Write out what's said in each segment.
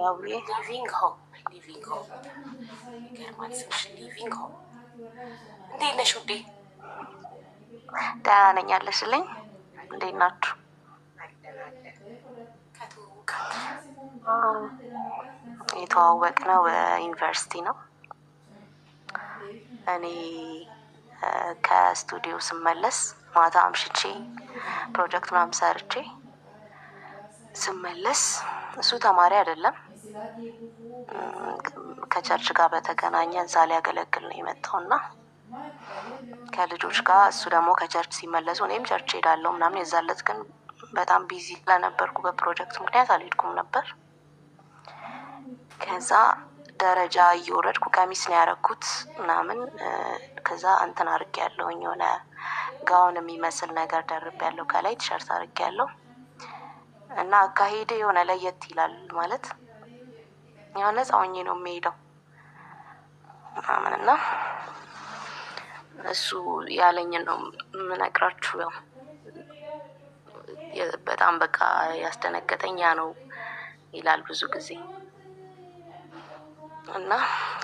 ያው ሊቪንግ ሆም ሊቪንግ እንዴት ነሽ ውዴ ደህና ነኝ አለሽልኝ እንዴት ናችሁ የተዋወቅነው በዩኒቨርሲቲ ነው እኔ ከስቱዲዮ ስመለስ ማታ አምሽቼ ፕሮጀክት ምናምን ሰርቼ ስመለስ እሱ ተማሪ አይደለም። ከቸርች ጋር በተገናኘ እዛ ሊያገለግል ነው የመጣው እና ከልጆች ጋር እሱ ደግሞ ከቸርች ሲመለሱ እኔም ቸርች ሄዳለሁ ምናምን። የዛለት ግን በጣም ቢዚ ስለነበርኩ በፕሮጀክት ምክንያት አልሄድኩም ነበር። ከዛ ደረጃ እየወረድኩ ቀሚስ ነው ያደረኩት ምናምን። ከዛ እንትን አድርጌ ያለውኝ የሆነ ጋውን የሚመስል ነገር ደርብ ያለው ከላይ ቲሸርት አድርጌ ያለው እና አካሄድ የሆነ ለየት ይላል ማለት የሆነ ጻውኝ ነው የሚሄደው ምናምን እና እሱ ያለኝን ነው የምነግራችሁ። ያው በጣም በቃ ያስደነገጠኝ ያ ነው ይላል ብዙ ጊዜ እና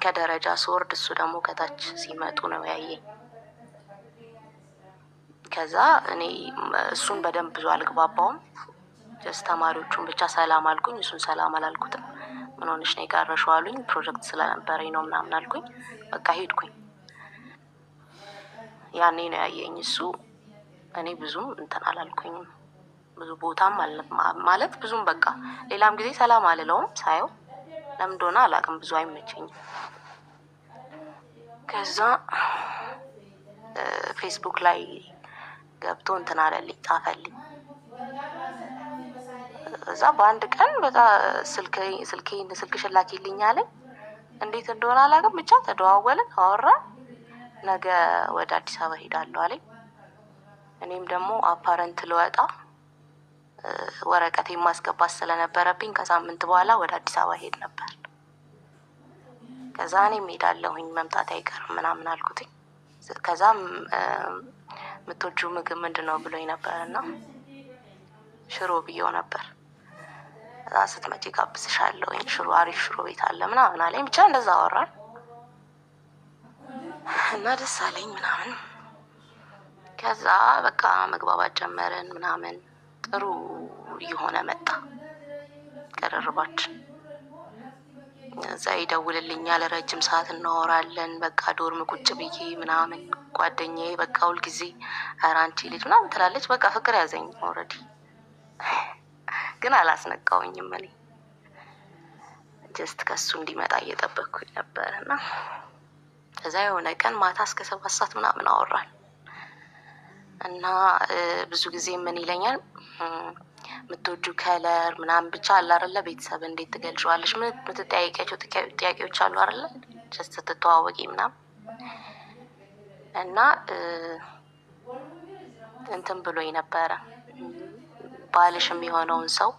ከደረጃ ስወርድ እሱ ደግሞ ከታች ሲመጡ ነው ያየኝ። ከዛ እኔ እሱን በደንብ ብዙ አልግባባውም። ጀስ ተማሪዎቹን ብቻ ሰላም አልኩኝ። እሱን ሰላም አላልኩትም። ምን ሆነሽ ነው የጋረሹ አሉኝ። ፕሮጀክት ስለነበረኝ ነው ምናምን አልኩኝ። በቃ ሄድኩኝ። ያኔ ነው ያየኝ እሱ። እኔ ብዙም እንትን አላልኩኝም፣ ብዙ ቦታም ማለት ብዙም በቃ ሌላም ጊዜ ሰላም አልለውም። ሳየው ለምን እንደሆነ አላውቅም፣ ብዙ አይመቸኝም። ከዛ ፌስቡክ ላይ ገብቶ እንትን አለልኝ ጻፈልኝ እዛ በአንድ ቀን በቃ ስልክ ስልክሽን ላኪልኝ አለኝ። እንዴት እንደሆነ አላውቅም፣ ብቻ ተደዋወልን፣ አወራን። ነገ ወደ አዲስ አበባ ሄዳለሁ አለኝ። እኔም ደግሞ አፓረንት ልወጣ ወረቀት የማስገባት ስለነበረብኝ ከሳምንት በኋላ ወደ አዲስ አበባ ሄድ ነበር። ከዛ እኔም ሄዳለሁኝ መምጣት አይቀርም ምናምን አልኩትኝ። ከዛ የምትወጂው ምግብ ምንድን ነው ብሎኝ ነበር እና ሽሮ ብዬው ነበር። ስትመጪ ጋብዝሻለሁ፣ ሽሮ አሪፍ ሽሮ ቤት አለ ምናምን አለኝ። ብቻ እንደዛ አወራን እና ደስ አለኝ ምናምን። ከዛ በቃ መግባባት ጀመርን ምናምን፣ ጥሩ እየሆነ መጣ ቅርርባችን። እዛ ይደውልልኛል፣ ረጅም ሰዓት እናወራለን። በቃ ዶርም ቁጭ ብዬ ምናምን ጓደኛዬ በቃ ሁልጊዜ ኧረ አንቺ ልጅ ምናምን ትላለች። በቃ ፍቅር ያዘኝ ኦልሬዲ ግን አላስነቃውኝም። እኔ ጀስት ከሱ እንዲመጣ እየጠበቅኩኝ ነበር እና ከዛ የሆነ ቀን ማታ እስከ ሰባት ሰዓት ምናምን አወራል እና ብዙ ጊዜ ምን ይለኛል የምትወጁ ከለር ምናምን ብቻ አለ አይደለ? ቤተሰብ እንዴት ትገልጫዋለች? ምትጠያቂያቸው ጥያቄዎች አሉ አይደለ? ጀስት ስትተዋወቂ ምናምን እና እንትን ብሎኝ ነበረ ባልሽ የሚሆነውን ሰው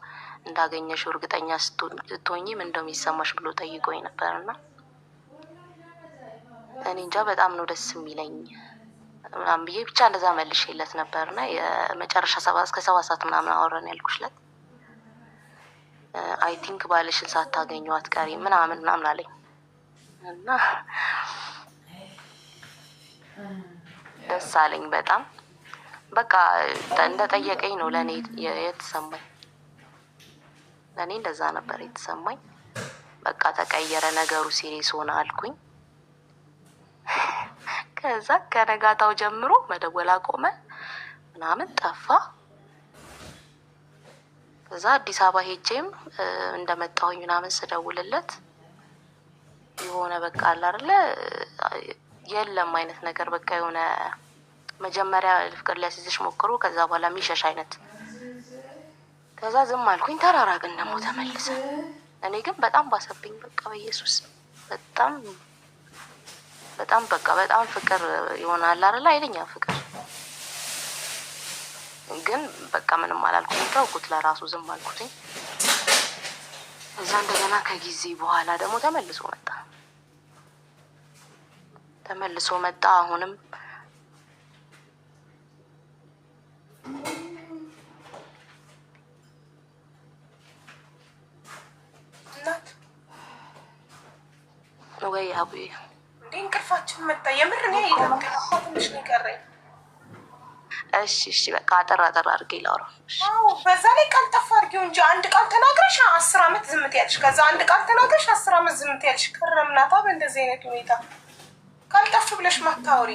እንዳገኘሽው እርግጠኛ ስትሆኝ ምን እንደሚሰማሽ ብሎ ጠይቆኝ ነበርና እኔ እንጃ በጣም ነው ደስ የሚለኝ ምናምን ብዬ ብቻ እንደዛ መልሼለት ነበርና የመጨረሻ እስከ ሰባ ሰዓት ምናምን አወራን ያልኩሽለት አይ ቲንክ ባልሽን ሳታገኙ አትቀሪ ምናምን ምናምን አለኝ እና ደስ አለኝ በጣም። በቃ እንደጠየቀኝ ነው ለእኔ የተሰማኝ። ለእኔ እንደዛ ነበር የተሰማኝ። በቃ ተቀየረ ነገሩ፣ ሲሪየስ ሆነ አልኩኝ። ከዛ ከነጋታው ጀምሮ መደወል አቆመ፣ ምናምን ጠፋ። ከዛ አዲስ አበባ ሄጄም እንደመጣሁኝ ምናምን ስደውልለት የሆነ በቃ አላርለ የለም አይነት ነገር በቃ የሆነ መጀመሪያ ፍቅር ሊያስይዝሽ ሞክሮ ከዛ በኋላ የሚሸሽ አይነት ከዛ ዝም አልኩኝ። ተራራ ግን ደግሞ ተመልሰ እኔ ግን በጣም ባሰብኝ። በቃ በኢየሱስ በጣም በጣም በቃ በጣም ፍቅር ይሆናል አይደል? አይለኛ ፍቅር ግን በቃ ምንም አላልኩኝ። ተውኩት፣ ለራሱ ዝም አልኩትኝ። እዛ እንደገና ከጊዜ በኋላ ደግሞ ተመልሶ መጣ ተመልሶ መጣ አሁንም እናት ወይ አቡዬ እንዴ እንቅልፋችን መጣ። የምር እኔ ትንሽ ነው የቀረኝ። እሺ እሺ፣ በቃ አጠር አጠር አድርጌ ላውራ። በዛ ላይ ቃል ጠፋ አድርጌው እንጂ አንድ ቃል ተናግረሽ አስር አመት ዝምት ያልሽ፣ ከዛ አንድ ቃል ተናግረሽ አስር አመት ዝምት ያልሽ። ከረምናታ በእንደዚህ አይነት ሁኔታ ቃል ጠፍ ብለሽ ማታወሪ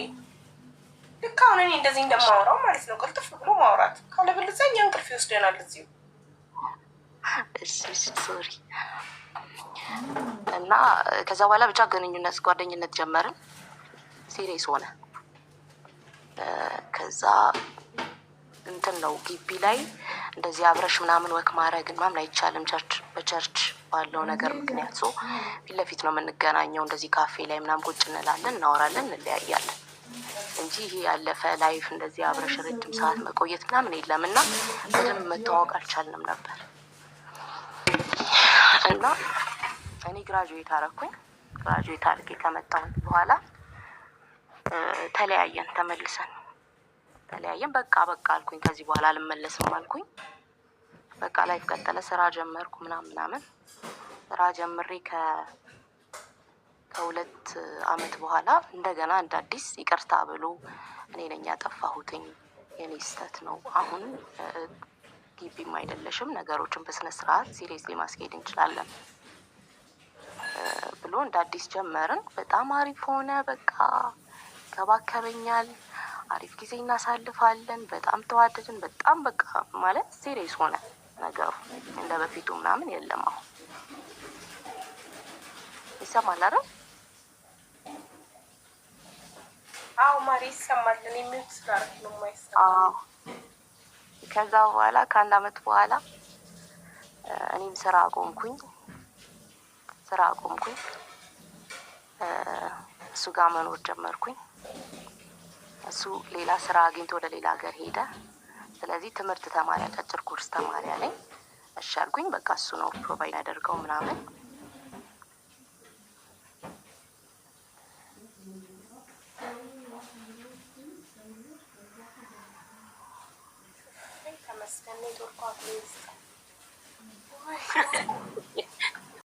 ልክ አሁን እኔ እንደዚህ እንደማወራው ማለት ነው። ቅልጥፍ ብሎ ማውራት ካለበለዚያ እኛ እንቅልፍ ይወስደናል። እዚሁ ሶሪ እና ከዛ በኋላ ብቻ ግንኙነት ጓደኝነት ጀመርን። ሲሪየስ ሆነ። ከዛ እንትን ነው ግቢ ላይ እንደዚህ አብረሽ ምናምን ወክ ማድረግ ምናምን አይቻልም፣ ቸርች በቸርች ባለው ነገር ምክንያት ፊት ለፊት ነው የምንገናኘው። እንደዚህ ካፌ ላይ ምናምን ቁጭ እንላለን፣ እናወራለን፣ እንለያያለን እንጂ ይሄ ያለፈ ላይፍ እንደዚህ አብረሽ ረጅም ሰዓት መቆየት ምናምን የለም እና በደንብ መተዋወቅ አልቻልንም ነበር እና እኔ ግራጁዌት አረኩኝ። ግራጁዌት አድርጌ ከመጣሁ በኋላ ተለያየን። ተመልሰን ተለያየን። በቃ በቃ አልኩኝ። ከዚህ በኋላ አልመለስም አልኩኝ። በቃ ላይፍ ቀጠለ። ስራ ጀመርኩ ምናምን ምናምን ስራ ጀምሬ ከ ከሁለት አመት በኋላ እንደገና እንደ አዲስ ይቅርታ ብሎ እኔ ነኝ ያጠፋሁትኝ የኔ ስህተት ነው፣ አሁን ግቢም አይደለሽም፣ ነገሮችን በስነ ስርዓት ሲሪየስሊ ማስኬድ እንችላለን ብሎ እንደ አዲስ ጀመርን። በጣም አሪፍ ሆነ። በቃ ይከባከበኛል፣ አሪፍ ጊዜ እናሳልፋለን። በጣም ተዋደድን። በጣም በቃ ማለት ሲሪየስ ሆነ ነገሩ፣ እንደ በፊቱ ምናምን የለም አሁን ይሰማል አይደል? ነው ከዛ በኋላ ከአንድ አመት በኋላ እኔም ስራ አቆምኩኝ ስራ አቆምኩኝ። እሱ ጋር መኖር ጀመርኩኝ። እሱ ሌላ ስራ አግኝቶ ወደ ሌላ ሀገር ሄደ። ስለዚህ ትምህርት ተማሪ አጫጭር ኮርስ ተማሪ አለኝ። እሺ አልኩኝ። በቃ እሱ ነው ፕሮቫይድ ያደርገው ምናምን እስከ ኔትወርኩ